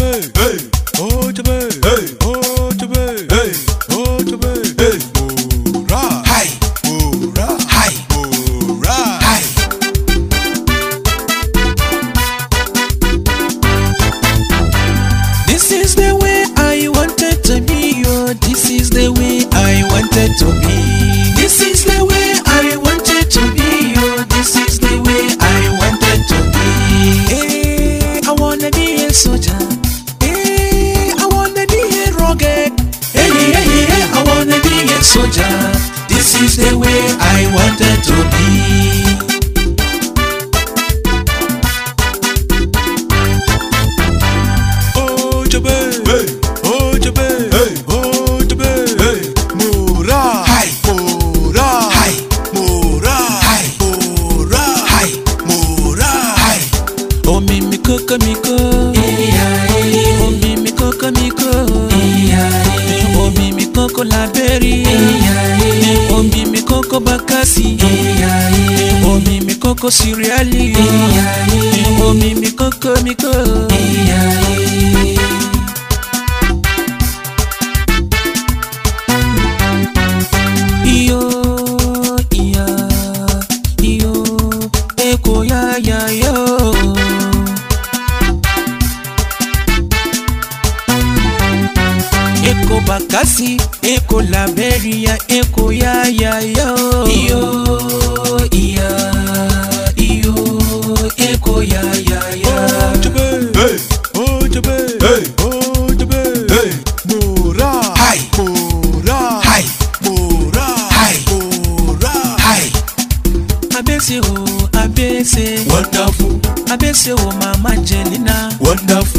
This is the way I wanted to be. Oh, this is the way I wanted to be. This is the way I wanted to be. Oh, this is the way I wanted to be. Hey, I wanna be a soldier. soldier. This is the way I wanted to kolaberi omi mi koko bakasi omi mi koko siriali omi mi koko miko. Iyo, iya, iyo, eko ya ya ya. eko bakasi eko laberia eko yayayo iyo iya iyo eko yayayo Abese o, abese. Wonderful. Abese o, mama Jelina. Wonderful.